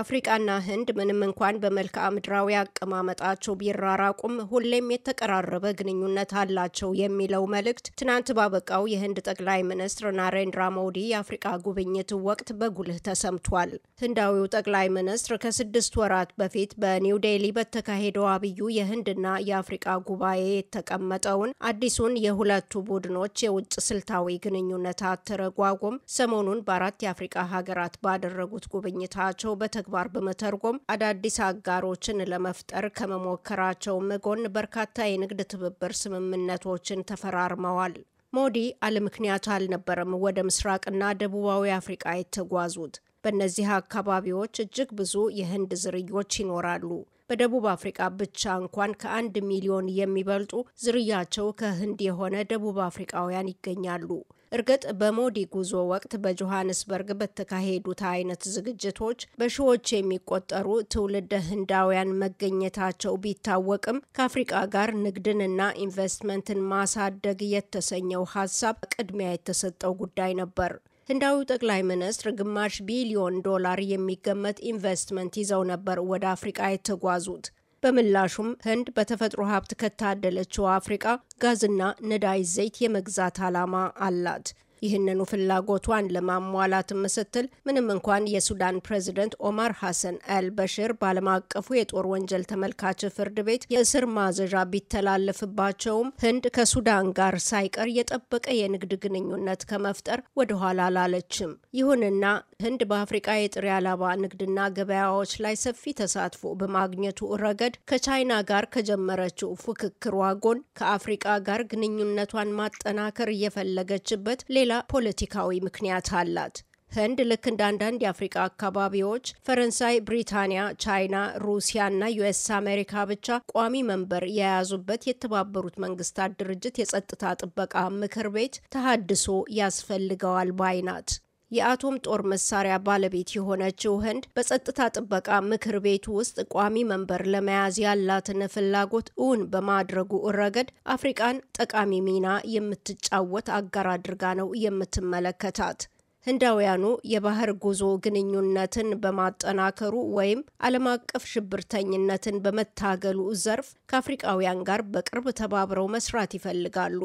አፍሪቃና ህንድ ምንም እንኳን በመልክዓ ምድራዊ አቀማመጣቸው ቢራራቁም ሁሌም የተቀራረበ ግንኙነት አላቸው የሚለው መልእክት ትናንት ባበቃው የህንድ ጠቅላይ ሚኒስትር ናሬንድራ ሞዲ የአፍሪቃ ጉብኝት ወቅት በጉልህ ተሰምቷል። ህንዳዊው ጠቅላይ ሚኒስትር ከስድስት ወራት በፊት በኒው ዴሊ በተካሄደው አብዩ የህንድና የአፍሪቃ ጉባኤ የተቀመጠውን አዲሱን የሁለቱ ቡድኖች የውጭ ስልታዊ ግንኙነት አተረጓጎም ሰሞኑን በአራት የአፍሪቃ ሀገራት ባደረጉት ጉብኝታቸው በተ ተግባር በመተርጎም አዳዲስ አጋሮችን ለመፍጠር ከመሞከራቸውም ጎን በርካታ የንግድ ትብብር ስምምነቶችን ተፈራርመዋል። ሞዲ አለምክንያት አልነበረም ወደ ምስራቅና ደቡባዊ አፍሪቃ የተጓዙት። በእነዚህ አካባቢዎች እጅግ ብዙ የህንድ ዝርዮች ይኖራሉ። በደቡብ አፍሪቃ ብቻ እንኳን ከአንድ ሚሊዮን የሚበልጡ ዝርያቸው ከህንድ የሆነ ደቡብ አፍሪቃውያን ይገኛሉ። እርግጥ በሞዲ ጉዞ ወቅት በጆሃንስበርግ በተካሄዱት አይነት ዝግጅቶች በሺዎች የሚቆጠሩ ትውልደ ህንዳውያን መገኘታቸው ቢታወቅም ከአፍሪቃ ጋር ንግድንና ኢንቨስትመንትን ማሳደግ የተሰኘው ሀሳብ ቅድሚያ የተሰጠው ጉዳይ ነበር። ህንዳዊ ጠቅላይ ሚኒስትር ግማሽ ቢሊዮን ዶላር የሚገመት ኢንቨስትመንት ይዘው ነበር ወደ አፍሪቃ የተጓዙት። በምላሹም ህንድ በተፈጥሮ ሀብት ከታደለችው አፍሪቃ ጋዝና ነዳጅ ዘይት የመግዛት ዓላማ አላት። ይህንኑ ፍላጎቷን ለማሟላትም ስትል ምንም እንኳን የሱዳን ፕሬዝደንት ኦማር ሐሰን አልበሽር በዓለም አቀፉ የጦር ወንጀል ተመልካች ፍርድ ቤት የእስር ማዘዣ ቢተላለፍባቸውም ህንድ ከሱዳን ጋር ሳይቀር የጠበቀ የንግድ ግንኙነት ከመፍጠር ወደኋላ አላለችም። ይሁንና ህንድ በአፍሪቃ የጥሬ አላባ ንግድና ገበያዎች ላይ ሰፊ ተሳትፎ በማግኘቱ ረገድ ከቻይና ጋር ከጀመረችው ፉክክሯ ጎን ከአፍሪቃ ጋር ግንኙነቷን ማጠናከር እየፈለገችበት ሌላ ሌላ ፖለቲካዊ ምክንያት አላት። ህንድ ልክ እንደ አንዳንድ የአፍሪቃ አካባቢዎች ፈረንሳይ፣ ብሪታንያ፣ ቻይና፣ ሩሲያና ዩኤስ አሜሪካ ብቻ ቋሚ መንበር የያዙበት የተባበሩት መንግስታት ድርጅት የጸጥታ ጥበቃ ምክር ቤት ተሃድሶ ያስፈልገዋል ባይ ናት። የአቶም ጦር መሳሪያ ባለቤት የሆነችው ህንድ በጸጥታ ጥበቃ ምክር ቤቱ ውስጥ ቋሚ መንበር ለመያዝ ያላትን ፍላጎት እውን በማድረጉ ረገድ አፍሪቃን ጠቃሚ ሚና የምትጫወት አጋር አድርጋ ነው የምትመለከታት። ህንዳውያኑ የባህር ጉዞ ግንኙነትን በማጠናከሩ ወይም ዓለም አቀፍ ሽብርተኝነትን በመታገሉ ዘርፍ ከአፍሪቃውያን ጋር በቅርብ ተባብረው መስራት ይፈልጋሉ።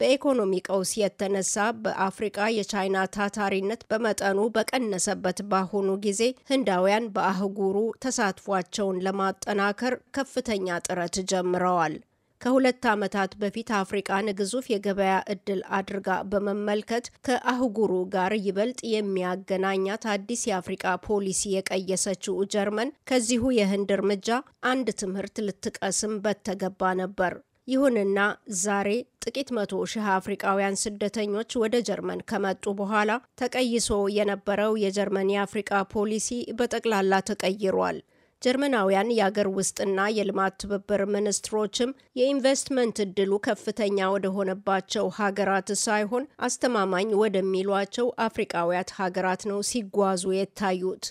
በኢኮኖሚ ቀውስ የተነሳ በአፍሪቃ የቻይና ታታሪነት በመጠኑ በቀነሰበት በአሁኑ ጊዜ ህንዳውያን በአህጉሩ ተሳትፏቸውን ለማጠናከር ከፍተኛ ጥረት ጀምረዋል። ከሁለት ዓመታት በፊት አፍሪቃን ግዙፍ የገበያ እድል አድርጋ በመመልከት ከአህጉሩ ጋር ይበልጥ የሚያገናኛት አዲስ የአፍሪቃ ፖሊሲ የቀየሰችው ጀርመን ከዚሁ የህንድ እርምጃ አንድ ትምህርት ልትቀስም በተገባ ነበር። ይሁንና ዛሬ ጥቂት መቶ ሺህ አፍሪቃውያን ስደተኞች ወደ ጀርመን ከመጡ በኋላ ተቀይሶ የነበረው የጀርመን የአፍሪቃ ፖሊሲ በጠቅላላ ተቀይሯል። ጀርመናውያን የአገር ውስጥና የልማት ትብብር ሚኒስትሮችም የኢንቨስትመንት እድሉ ከፍተኛ ወደሆነባቸው ሀገራት ሳይሆን አስተማማኝ ወደሚሏቸው አፍሪቃውያት ሀገራት ነው ሲጓዙ የታዩት።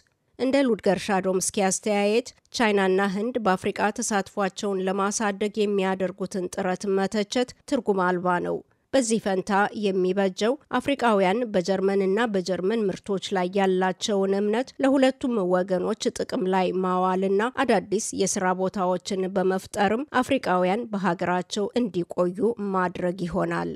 እንደ ሉድገር ሻዶምስኪ አስተያየት ቻይናና ህንድ በአፍሪቃ ተሳትፏቸውን ለማሳደግ የሚያደርጉትን ጥረት መተቸት ትርጉም አልባ ነው። በዚህ ፈንታ የሚበጀው አፍሪቃውያን በጀርመንና በጀርመን ምርቶች ላይ ያላቸውን እምነት ለሁለቱም ወገኖች ጥቅም ላይ ማዋልና አዳዲስ የስራ ቦታዎችን በመፍጠርም አፍሪቃውያን በሀገራቸው እንዲቆዩ ማድረግ ይሆናል።